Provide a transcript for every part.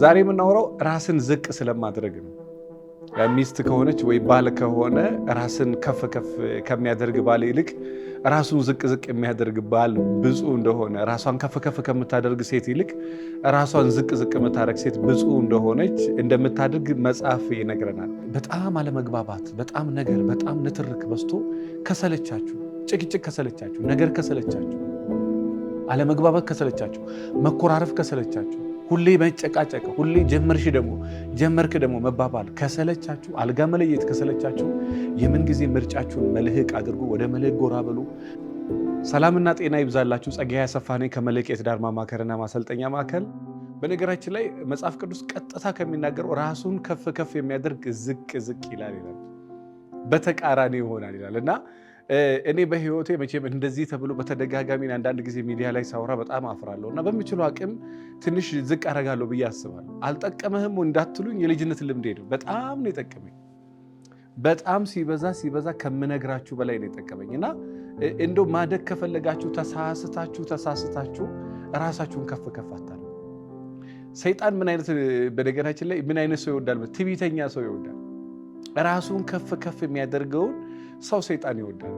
ዛሬ የምናወራው ራስን ዝቅ ስለማድረግ ነው። ሚስት ከሆነች ወይ ባል ከሆነ ራስን ከፍ ከፍ ከሚያደርግ ባል ይልቅ ራሱን ዝቅ ዝቅ የሚያደርግ ባል ብፁ እንደሆነ፣ ራሷን ከፍ ከፍ ከምታደርግ ሴት ይልቅ ራሷን ዝቅ ዝቅ የምታደርግ ሴት ብፁ እንደሆነች እንደምታደርግ መጽሐፍ ይነግረናል። በጣም አለመግባባት፣ በጣም ነገር፣ በጣም ንትርክ በዝቶ ከሰለቻችሁ፣ ጭቅጭቅ ከሰለቻችሁ፣ ነገር ከሰለቻችሁ፣ አለመግባባት ከሰለቻችሁ፣ መኮራረፍ ከሰለቻችሁ ሁሌ መጨቃጨቅ፣ ሁሌ ጀመርሽ ደግሞ ጀመርክ ደግሞ መባባል ከሰለቻችሁ፣ አልጋ መለየት ከሰለቻችሁ፣ የምንጊዜ ምርጫችሁን መልህቅ አድርጎ ወደ መልህቅ ጎራ በሉ። ሰላምና ጤና ይብዛላችሁ። ጸጋዬ አሰፋ ነኝ ከመልሕቅ የትዳር ማማከርና ማሰልጠኛ ማዕከል። በነገራችን ላይ መጽሐፍ ቅዱስ ቀጥታ ከሚናገረው ራሱን ከፍ ከፍ የሚያደርግ ዝቅ ዝቅ ይላል ይላል፣ በተቃራኒ ይሆናል ይላል እና እኔ በህይወቴ መቼም እንደዚህ ተብሎ በተደጋጋሚ አንዳንድ ጊዜ ሚዲያ ላይ ሳውራ በጣም አፍራለሁ እና በምችለው አቅም ትንሽ ዝቅ አረጋለሁ ብዬ አስባለሁ። አልጠቀመህም እንዳትሉኝ የልጅነት ልምዴ ነው። በጣም ነው የጠቀመኝ። በጣም ሲበዛ ሲበዛ ከምነግራችሁ በላይ ነው የጠቀመኝ እና እንደው ማደግ ከፈለጋችሁ ተሳስታችሁ ተሳስታችሁ ራሳችሁን ከፍ ከፍ አታሉ። ሰይጣን ምን አይነት በነገራችን ላይ ምን አይነት ሰው ይወዳል? ትዕቢተኛ ሰው ይወዳል። ራሱን ከፍ ከፍ የሚያደርገውን ሰው ሰይጣን ይወዳል።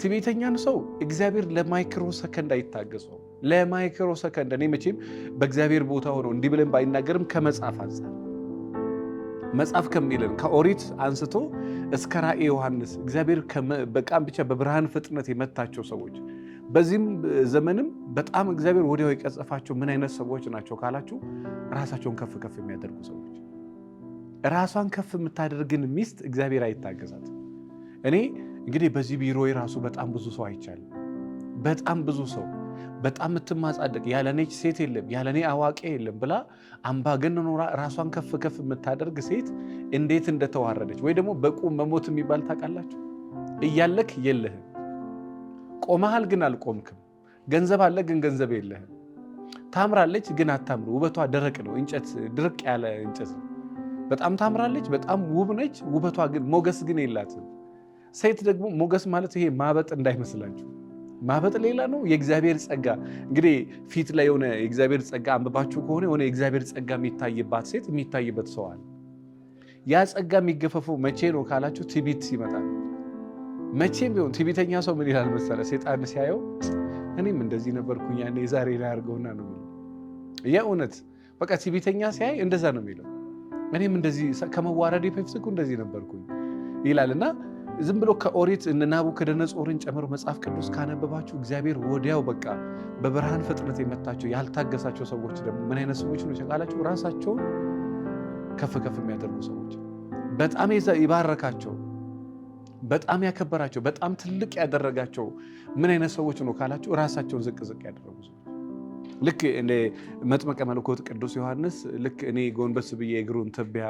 ትቤተኛን ሰው እግዚአብሔር ለማይክሮ ሰከንድ አይታገሰው ለማይክሮ ሰከንድ እኔ መቼም በእግዚአብሔር ቦታ ሆነው እንዲህ ብለን ባይናገርም ከመጽሐፍ አንጻር መጽሐፍ ከሚለን ከኦሪት አንስቶ እስከ ራእየ ዮሐንስ እግዚአብሔር በቃም ብቻ በብርሃን ፍጥነት የመታቸው ሰዎች በዚህም ዘመንም በጣም እግዚአብሔር ወዲያው የቀጸፋቸው ምን አይነት ሰዎች ናቸው ካላችሁ ራሳቸውን ከፍ ከፍ የሚያደርጉ ሰዎች። ራሷን ከፍ የምታደርግን ሚስት እግዚአብሔር አይታገዛት። እኔ እንግዲህ በዚህ ቢሮ የራሱ በጣም ብዙ ሰው አይቻል። በጣም ብዙ ሰው በጣም የምትማጻደቅ ያለኔ ሴት የለም ያለኔ አዋቂ የለም ብላ አምባገነን ሆና ራሷን ከፍ ከፍ የምታደርግ ሴት እንዴት እንደተዋረደች! ወይ ደግሞ በቁም መሞት የሚባል ታውቃላችሁ? እያለክ የለህም ቆመሃል፣ ግን አልቆምክም። ገንዘብ አለ፣ ግን ገንዘብ የለህም። ታምራለች፣ ግን አታምር። ውበቷ ደረቅ ነው፣ እንጨት ድርቅ ያለ እንጨት ነው። በጣም ታምራለች፣ በጣም ውብ ነች። ውበቷ ግን ሞገስ ግን የላትም። ሴት ደግሞ ሞገስ ማለት ይሄ ማበጥ እንዳይመስላችሁ። ማበጥ ሌላ ነው። የእግዚአብሔር ጸጋ እንግዲህ ፊት ላይ የሆነ የእግዚአብሔር ጸጋ አንብባችሁ ከሆነ የሆነ የእግዚአብሔር ጸጋ የሚታይባት ሴት የሚታይበት ሰው አለ። ያ ጸጋ የሚገፈፈው መቼ ነው ካላችሁ፣ ትዕቢት ይመጣል። መቼም ቢሆን ትዕቢተኛ ሰው ምን ይላል መሰለ፣ ሴጣን ሲያየው እኔም እንደዚህ ነበርኩኝ ያኔ ዛሬ ላይ አድርገውና ነው የሚለው። የእውነት በቃ ትዕቢተኛ ሲያይ እንደዛ ነው የሚለው። እኔም እንደዚህ ከመዋረድ በፊት እኮ እንደዚህ ነበርኩኝ ይላል እና ዝም ብሎ ከኦሪት እነ ናቡከደነጾርን ጨምሮ መጽሐፍ ቅዱስ ካነበባችሁ እግዚአብሔር ወዲያው በቃ በብርሃን ፍጥነት የመታቸው ያልታገሳቸው ሰዎች ደግሞ ምን አይነት ሰዎች ነው ቃላቸው ራሳቸውን ከፍ ከፍ የሚያደርጉ ሰዎች፣ በጣም ይባረካቸው፣ በጣም ያከበራቸው፣ በጣም ትልቅ ያደረጋቸው ምን አይነት ሰዎች ነው ካላቸው ራሳቸውን ዝቅ ዝቅ ያደረጉ ሰዎች ልክ እንደ መጥመቀ መለኮት ቅዱስ ዮሐንስ ልክ እኔ ጎንበስ ብዬ እግሩን ትቢያ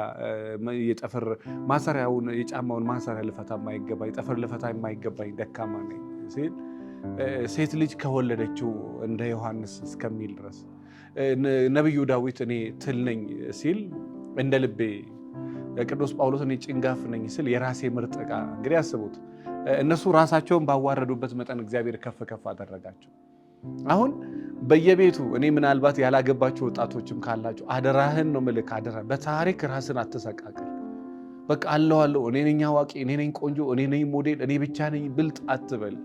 የጠፈር ማሰሪያውን የጫማውን ማሰሪያ ልፈታ የማይገባኝ ጠፈር ልፈታ የማይገባኝ ደካማ ነኝ ሲል ሴት ልጅ ከወለደችው እንደ ዮሐንስ እስከሚል ድረስ ነቢዩ ዳዊት እኔ ትል ነኝ ሲል እንደ ልቤ ቅዱስ ጳውሎስ እኔ ጭንጋፍ ነኝ ስል የራሴ ምርጥ ዕቃ እንግዲህ አስቡት። እነሱ ራሳቸውን ባዋረዱበት መጠን እግዚአብሔር ከፍ ከፍ አደረጋቸው። አሁን በየቤቱ እኔ ምናልባት ያላገባችሁ ወጣቶችም ካላችሁ አደራህን ነው ምልክ አደራ። በታሪክ ራስን አተሰቃቅል። በቃ አለው እኔ ነኝ አዋቂ፣ እኔ ነኝ ቆንጆ፣ እኔ ነኝ ሞዴል፣ እኔ ብቻ ነኝ ብልጥ አትበል።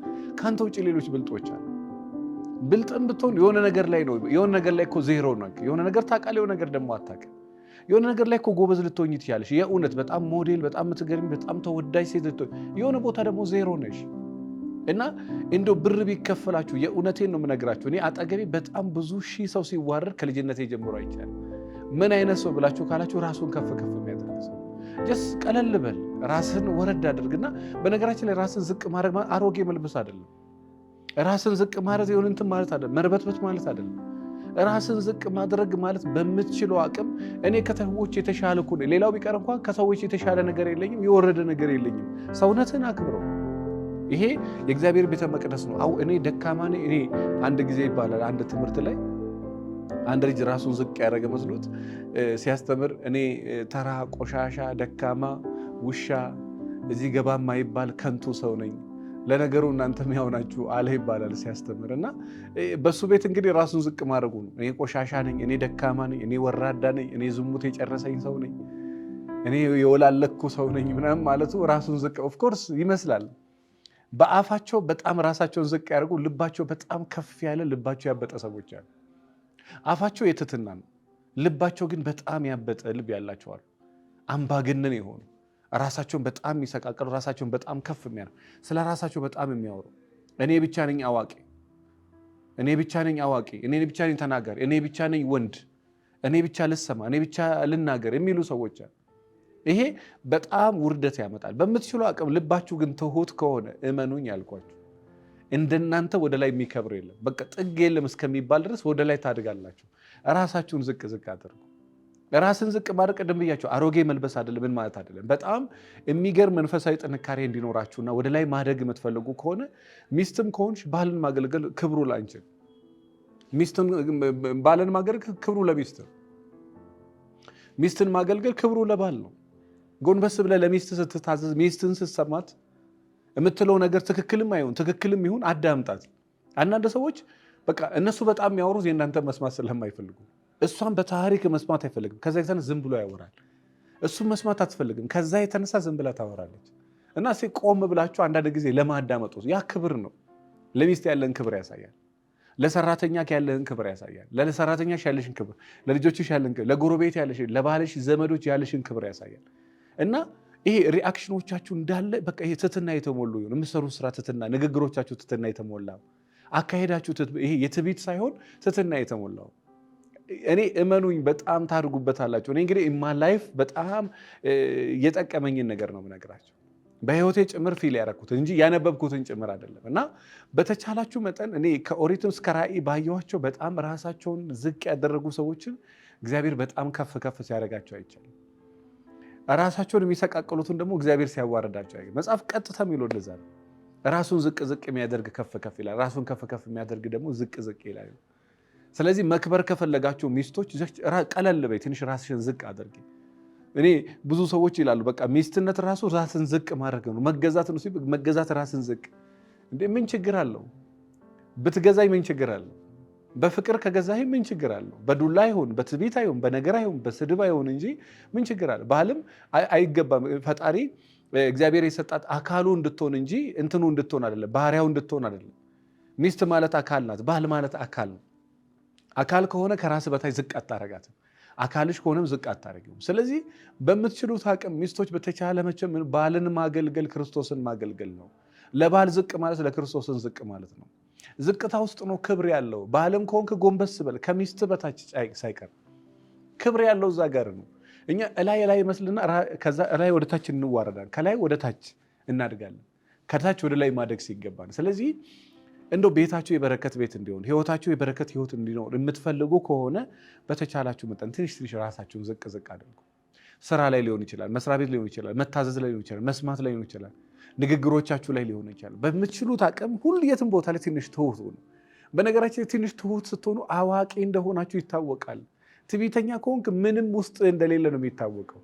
ከአንተ ውጭ ሌሎች ብልጦች አሉ። ብልጥም ብትሆን የሆነ ነገር ላይ ነው። የሆነ ነገር ላይ እኮ ዜሮ ነው። የሆነ ነገር ታውቃለህ፣ የሆነ ነገር ደግሞ አታውቅም። የሆነ ነገር ላይ እኮ ጎበዝ ልትሆኝ ትችላለሽ። የእውነት በጣም ሞዴል፣ በጣም ምትገርም፣ በጣም ተወዳጅ ሴት ልትሆኝ፣ የሆነ ቦታ ደግሞ ዜሮ ነሽ። እና እንዶ ብር ቢከፈላችሁ የእውነቴን ነው የምነግራችሁ። እኔ አጠገቤ በጣም ብዙ ሺህ ሰው ሲዋረድ ከልጅነቴ ጀምሮ አይቻል። ምን አይነት ሰው ብላችሁ ካላችሁ ራሱን ከፍ ከፍ የሚያደርግ ሰው ቀለል በል ራስን ወረድ አድርግና። በነገራችን ላይ ራስን ዝቅ ማድረግ አሮጌ መልበስ አይደለም። ራስን ዝቅ ማድረግ የሆነ እንትን ማለት አይደለም፣ መርበትበት ማለት አይደለም። ራስን ዝቅ ማድረግ ማለት በምትችለው አቅም እኔ ከሰዎች የተሻለ እኮ ሌላው ቢቀር እንኳን ከሰዎች የተሻለ ነገር የለኝም፣ የወረደ ነገር የለኝም። ሰውነትን አክብረው ይሄ የእግዚአብሔር ቤተ መቅደስ ነው። አው እኔ ደካማ ነኝ እኔ አንድ ጊዜ ይባላል አንድ ትምህርት ላይ አንድ ልጅ ራሱን ዝቅ ያደረገ መስሎት ሲያስተምር እኔ ተራ ቆሻሻ፣ ደካማ ውሻ፣ እዚህ ገባ ማይባል ከንቱ ሰው ነኝ ለነገሩ እናንተም ያው ናችሁ አለ ይባላል ሲያስተምር። እና በሱ ቤት እንግዲህ ራሱን ዝቅ ማድረጉ ነው። እኔ ቆሻሻ ነኝ፣ እኔ ደካማ ነኝ፣ እኔ ወራዳ ነኝ፣ እኔ ዝሙት የጨረሰኝ ሰው ነኝ፣ እኔ የወላለኩ ሰው ነኝ ምናምን ማለቱ ራሱን ዝቅ ኦፍኮርስ ይመስላል። በአፋቸው በጣም ራሳቸውን ዝቅ ያደርጉ፣ ልባቸው በጣም ከፍ ያለ ልባቸው ያበጠ ሰዎች አሉ። አፋቸው የትትና ነው፣ ልባቸው ግን በጣም ያበጠ ልብ ያላቸዋል። አምባገነን የሆኑ ራሳቸውን በጣም የሚሰቃቀሉ፣ ራሳቸውን በጣም ከፍ የሚያ ስለ ራሳቸው በጣም የሚያወሩ እኔ ብቻ ነኝ አዋቂ፣ እኔ ብቻ ነኝ አዋቂ፣ እኔ ብቻ ነኝ ተናጋሪ፣ እኔ ብቻ ነኝ ወንድ፣ እኔ ብቻ ልሰማ፣ እኔ ብቻ ልናገር የሚሉ ሰዎች አሉ። ይሄ በጣም ውርደት ያመጣል። በምትችሉ አቅም ልባችሁ ግን ትሁት ከሆነ እመኑኝ ያልኳችሁ እንደናንተ ወደ ላይ የሚከብር የለም። በቃ ጥግ የለም እስከሚባል ድረስ ወደ ላይ ታድጋላችሁ። ራሳችሁን ዝቅ ዝቅ አድርጉ። ራስን ዝቅ ማድረግ ቅድም ብያቸው አሮጌ መልበስ አይደለም። ምን ማለት አይደለም። በጣም የሚገርም መንፈሳዊ ጥንካሬ እንዲኖራችሁና ወደ ላይ ማደግ የምትፈልጉ ከሆነ ሚስትም ከሆንሽ ባልን ማገልገል ክብሩ ላንቺን፣ ሚስትን ባልን ማገልገል ክብሩ ለሚስት፣ ሚስትን ማገልገል ክብሩ ለባል ነው። ጎንበስ ብለህ ለሚስት ስትታዘዝ ሚስትን ስትሰማት የምትለው ነገር ትክክልም አይሆን ትክክልም ይሁን አዳምጣት። አንዳንድ ሰዎች በቃ እነሱ በጣም የሚያወሩት የእናንተ መስማት ስለማይፈልጉ እሷን በታሪክ መስማት አይፈልግም። ከዛ የተነሳ ዝም ብሎ ያወራል። እሱ መስማት አትፈልግም። ከዛ የተነሳ ዝም ብላ ታወራለች። እና እስኪ ቆም ብላችሁ አንዳንድ ጊዜ ለማዳመጡ ያ ክብር ነው። ለሚስት ያለን ክብር ያሳያል። ለሰራተኛ ያለን ክብር ያሳያል። ለሰራተኛ ያለሽን ክብር፣ ለልጆችሽ ያለን ክብር፣ ለጎረቤት ያለሽን፣ ለባልሽ ዘመዶች ያለሽን ክብር ያሳያል። እና ይሄ ሪአክሽኖቻችሁ እንዳለ በቃ ይሄ ትትና የተሞሉ ይሁን። የምትሰሩ ስራ ትትና፣ ንግግሮቻችሁ ትትና የተሞላ አካሄዳችሁ፣ ይሄ የትዕቢት ሳይሆን ትትና የተሞላው እኔ እመኑኝ በጣም ታድርጉበታላችሁ። እኔ እንግዲህ ኢማ ላይፍ በጣም የጠቀመኝን ነገር ነው የምነግራቸው በህይወቴ ጭምር ፊል ያደረኩት እንጂ ያነበብኩትን ጭምር አይደለም። እና በተቻላችሁ መጠን እኔ ከኦሪትም እስከ ራእይ ባየኋቸው በጣም ራሳቸውን ዝቅ ያደረጉ ሰዎችን እግዚአብሔር በጣም ከፍ ከፍ ሲያደርጋቸው አይቻልም። ራሳቸውን የሚሰቃቀሉትን ደግሞ እግዚአብሔር ሲያዋርዳቸው ያ መጽሐፍ ቀጥታ የሚለው እንደዛ ነው። ራሱን ዝቅ ዝቅ የሚያደርግ ከፍ ከፍ ይላል፣ ራሱን ከፍ ከፍ የሚያደርግ ደግሞ ዝቅ ዝቅ ይላል። ስለዚህ መክበር ከፈለጋቸው ሚስቶች ቀለል በይ፣ ትንሽ ራስሽን ዝቅ አድርጊ። እኔ ብዙ ሰዎች ይላሉ በቃ ሚስትነት ራሱ ራስን ዝቅ ማድረግ ነው፣ መገዛት ነው። መገዛት ራስን ዝቅ እንዴ፣ ምን ችግር አለው? ብትገዛኝ ምን ችግር አለው? በፍቅር ከገዛህ ምን ችግር አለው? በዱላ ይሁን በትዕቢት ይሁን በነገር ይሁን በስድብ ይሁን እንጂ ምን ችግር አለው? ባህልም አይገባም። ፈጣሪ እግዚአብሔር የሰጣት አካሉ እንድትሆን እንጂ እንትኑ እንድትሆን አይደለም፣ ባህሪያው እንድትሆን አይደለም። ሚስት ማለት አካል ናት፣ ባህል ማለት አካል ነው። አካል ከሆነ ከራስ በታች ዝቅ አታረጋትም። አካልሽ ከሆነም ዝቅ አታረጊውም። ስለዚህ በምትችሉት አቅም ሚስቶች በተቻለ መቼም ባልን ማገልገል ክርስቶስን ማገልገል ነው። ለባል ዝቅ ማለት ለክርስቶስን ዝቅ ማለት ነው። ዝቅታ ውስጥ ነው ክብር ያለው። ባልም ከሆንክ ጎንበስ በል ከሚስት በታች ሳይቀር ክብር ያለው እዛ ጋር ነው። እኛ እላይ ላይ ይመስልና ከዛ እላይ ወደ ታች እንዋረዳለን። ከላይ ወደ ታች እናድጋለን፣ ከታች ወደ ላይ ማደግ ሲገባን። ስለዚህ እንደው ቤታችሁ የበረከት ቤት እንዲሆን ህይወታችሁ የበረከት ህይወት እንዲኖር የምትፈልጉ ከሆነ በተቻላችሁ መጠን ትንሽ ትንሽ ራሳችሁን ዝቅ ዝቅ አድርጉ። ስራ ላይ ሊሆን ይችላል፣ መስሪያ ቤት ሊሆን ይችላል፣ መታዘዝ ላይ ሊሆን ይችላል፣ መስማት ላይ ሊሆን ይችላል ንግግሮቻችሁ ላይ ሊሆን ይችላል። በምትችሉት አቅም ሁሉ የትም ቦታ ላይ ትንሽ ትሁት ሁኑ። በነገራችን ትንሽ ትሁት ስትሆኑ አዋቂ እንደሆናችሁ ይታወቃል። ትዕቢተኛ ከሆንክ ምንም ውስጥ እንደሌለ ነው የሚታወቀው።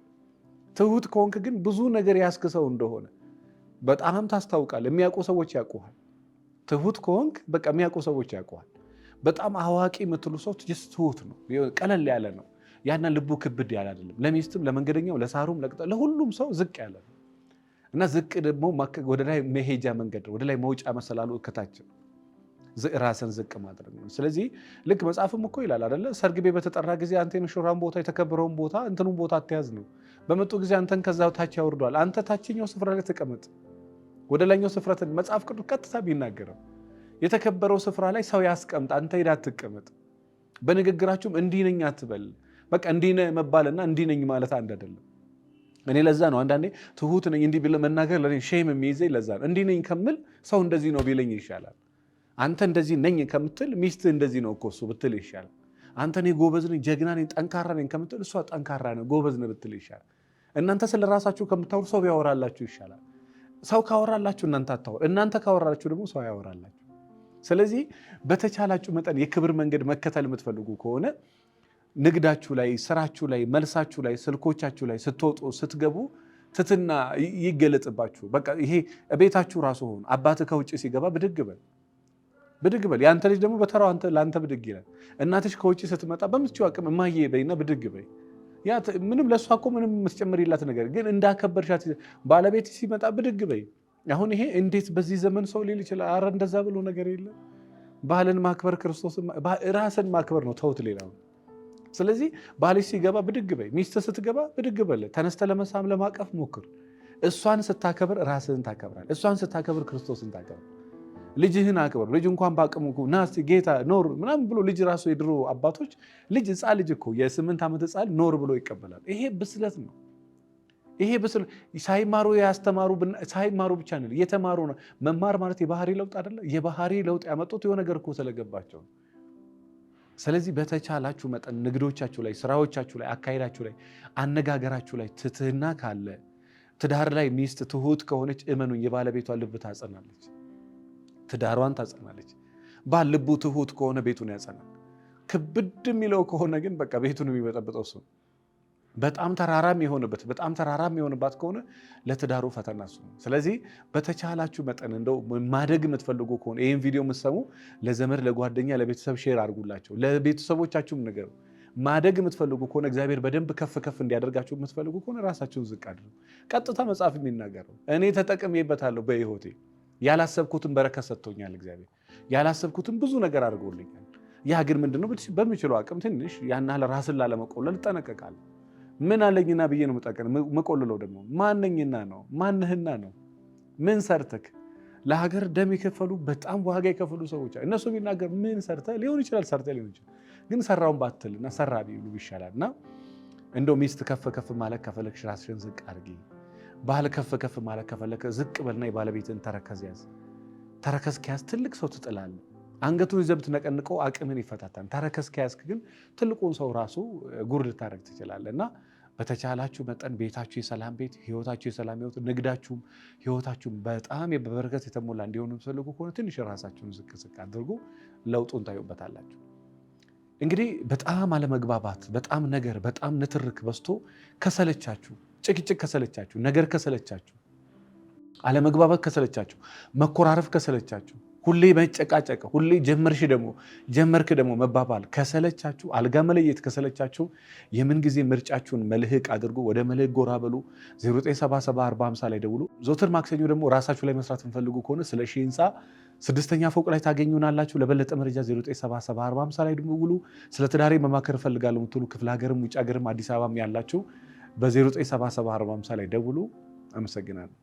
ትሁት ከሆንክ ግን ብዙ ነገር ያስክ ሰው እንደሆነ በጣም ታስታውቃል። የሚያውቁ ሰዎች ያውቁሃል። ትሁት ከሆንክ በቃ የሚያውቁ ሰዎች ያውቁሃል። በጣም አዋቂ የምትሉ ሰው ትሁት ነው፣ ቀለል ያለ ነው። ያና ልቡ ክብድ ያለ አይደለም። ለሚስትም፣ ለመንገደኛው፣ ለሳሩም፣ ለቅጠ ለሁሉም ሰው ዝቅ ያለ ነው። እና ዝቅ ደግሞ ወደ ላይ መሄጃ መንገድ ወደ ላይ መውጫ መሰላሉ እከታች ራስን ዝቅ ማድረግ ነው። ስለዚህ ልክ መጽሐፍም እኮ ይላል አደለ? ሰርግ ቤት በተጠራ ጊዜ አንተ የሙሽራን ቦታ የተከበረውን ቦታ እንትኑን ቦታ አትያዝ ነው። በመጡ ጊዜ አንተን ከዛ ታች ያወርዷል። አንተ ታችኛው ስፍራ ላይ ተቀመጥ፣ ወደ ላይኛው ስፍራ መጽሐፍ ቅዱስ ቀጥታ ቢናገረው የተከበረው ስፍራ ላይ ሰው ያስቀምጥ፣ አንተ ሄዳ አትቀመጥ። በንግግራችሁም እንዲህ ነኝ አትበል። በቃ እንዲህ መባልና እንዲህ ነኝ ማለት አንድ አይደለም። እኔ ለዛ ነው አንዳንዴ ትሁት ነኝ እንዲህ ብለህ መናገር ለእኔ ሼም የሚይዘኝ ለዛ ነው። እንዲህ ነኝ ከምል ሰው እንደዚህ ነው ቢለኝ ይሻላል። አንተ እንደዚህ ነኝ ከምትል ሚስት እንደዚህ ነው እኮ እሱ ብትል ይሻላል። አንተ እኔ ጎበዝ ነኝ፣ ጀግና ነኝ፣ ጠንካራ ነኝ ከምትል እሷ ጠንካራ ነው ጎበዝ ነው ብትል ይሻላል። እናንተ ስለ ራሳችሁ ከምታወሩ ሰው ቢያወራላችሁ ይሻላል። ሰው ካወራላችሁ እናንተ አታወሩ፣ እናንተ ካወራላችሁ ደግሞ ሰው ያወራላችሁ። ስለዚህ በተቻላችሁ መጠን የክብር መንገድ መከተል የምትፈልጉ ከሆነ ንግዳችሁ ላይ፣ ስራችሁ ላይ፣ መልሳችሁ ላይ፣ ስልኮቻችሁ ላይ ስትወጡ ስትገቡ ትትና ይገለጥባችሁ። በቃ ይሄ እቤታችሁ ራሱ ሆኑ። አባት ከውጭ ሲገባ ብድግ በል ብድግ በል። የአንተ ልጅ ደግሞ በተራው ለአንተ ብድግ ይላል። እናትሽ ከውጭ ስትመጣ በምትችው አቅም እማዬ በይና ብድግ በይ። ምንም ለእሷ እኮ ምንም የምትጨምሪላት ነገር ግን እንዳከበርሻት ባለቤት ሲመጣ ብድግ በይ። አሁን ይሄ እንዴት በዚህ ዘመን ሰው ሊል ይችላል? አረ እንደዛ ብሎ ነገር የለም። ባህልን ማክበር ክርስቶስ ራስን ማክበር ነው። ተውት ሌላውን ስለዚህ ባልሽ ሲገባ ብድግ በይ፣ ሚስት ስትገባ ብድግ በለ፣ ተነስተ ለመሳም ለማቀፍ ሞክር። እሷን ስታከብር ራስህን ታከብራል። እሷን ስታከብር ክርስቶስን ታከብር። ልጅህን አክብር። ልጅ እንኳን በአቅሙ ናስ ጌታ ኖር ምናምን ብሎ ልጅ ራሱ የድሮ አባቶች ልጅ ሕፃን ልጅ እኮ የስምንት ዓመት ሕፃን ኖር ብሎ ይቀበላል። ይሄ ብስለት ነው። ይሄ ብስል ሳይማሩ ያስተማሩ ሳይማሩ ብቻ ነው የተማሩ ነው። መማር ማለት የባህሪ ለውጥ አይደለ? የባህሪ ለውጥ ያመጡት የሆነ ነገር እኮ ስለገባቸው ነው። ስለዚህ በተቻላችሁ መጠን ንግዶቻችሁ ላይ፣ ስራዎቻችሁ ላይ፣ አካሄዳችሁ ላይ፣ አነጋገራችሁ ላይ ትትህና ካለ ትዳር ላይ ሚስት ትሁት ከሆነች እመኑኝ የባለቤቷ ልብ ታጸናለች፣ ትዳሯን ታጸናለች። ባል ልቡ ትሁት ከሆነ ቤቱን ያጸናል። ክብድ የሚለው ከሆነ ግን በቃ ቤቱን የሚበጠብጠው ሰው ነው። በጣም ተራራም የሆነበት በጣም ተራራም የሆነባት ከሆነ ለትዳሩ ፈተና ሱ ስለዚህ በተቻላችሁ መጠን እንደው ማደግ የምትፈልጉ ከሆነ ይህን ቪዲዮ የምትሰሙ ለዘመድ፣ ለጓደኛ፣ ለቤተሰብ ሼር አድርጉላቸው። ለቤተሰቦቻችሁም ንገሩ። ማደግ የምትፈልጉ ከሆነ እግዚአብሔር በደንብ ከፍ ከፍ እንዲያደርጋችሁ የምትፈልጉ ከሆነ ራሳችሁን ዝቅ አድርጉ። ቀጥታ መጽሐፍ የሚናገረው እኔ ተጠቅሜበታለሁ በህይወቴ ያላሰብኩትን በረከት ሰጥቶኛል እግዚአብሔር ያላሰብኩትን ብዙ ነገር አድርጎልኛል። ያ ግን ምንድነው በሚችለው አቅም ትንሽ ያን ራስን ላለመቆለል እጠነቀቃለሁ። ምን አለኝና ብዬ ነው መጣቀን መቆልለው ደግሞ ማነኝና ነው ማንህና ነው ምን ሰርተክ ለሀገር ደም የከፈሉ በጣም ዋጋ የከፈሉ ሰዎች እነሱ ቢናገር ምን ሰርተ ሊሆን ይችላል ሰርተ ሊሆን ይችላል ግን ሰራውን ባትልና ሰራ ቢሉ ይሻላል እና እንደ ሚስት ከፍ ከፍ ማለት ከፈለግሽ ራስሽን ዝቅ አድርጊ ባል ከፍ ከፍ ማለት ከፈለግ ዝቅ በልና የባለቤትን ተረከዝ ያዝ ተረከዝ ከያዝ ትልቅ ሰው ትጥላለ አንገቱን ይዘህ ብትነቀንቀው አቅምን ይፈታታል ተረከዝ ከያዝክ ግን ትልቁን ሰው ራሱ ጉር ልታደርግ ትችላለህ እና በተቻላችሁ መጠን ቤታችሁ የሰላም ቤት፣ ህይወታችሁ የሰላም ህይወት፣ ንግዳችሁም ህይወታችሁም በጣም በበረከት የተሞላ እንዲሆኑ የምትፈልጉ ከሆነ ትንሽ ራሳችሁን ዝቅ ዝቅ አድርጉ። ለውጡን ታዩበታላችሁ። እንግዲህ በጣም አለመግባባት፣ በጣም ነገር፣ በጣም ንትርክ በዝቶ ከሰለቻችሁ፣ ጭቅጭቅ ከሰለቻችሁ፣ ነገር ከሰለቻችሁ፣ አለመግባባት ከሰለቻችሁ፣ መኮራረፍ ከሰለቻችሁ ሁሌ መጨቃጨቅ፣ ሁሌ ጀመርሽ ደግሞ ጀመርክ ደግሞ መባባል ከሰለቻችሁ፣ አልጋ መለየት ከሰለቻችሁ የምንጊዜ ምርጫችሁን መልህቅ አድርጉ። ወደ መልህቅ ጎራ በሉ። 097745 ላይ ደውሉ። ዘውትር ማክሰኞ ደግሞ ራሳችሁ ላይ መስራት እንፈልጉ ከሆነ ስለ ሺህ ህንፃ ስድስተኛ ፎቅ ላይ ታገኙናላችሁ። ለበለጠ መረጃ 097745 ላይ ደውሉ። ስለ ትዳሬ መማከር እፈልጋለሁ የምትሉ ክፍለ ሀገርም ውጭ ሀገርም አዲስ አበባም ያላችሁ በ097745 ላይ ደውሉ። አመሰግናለሁ።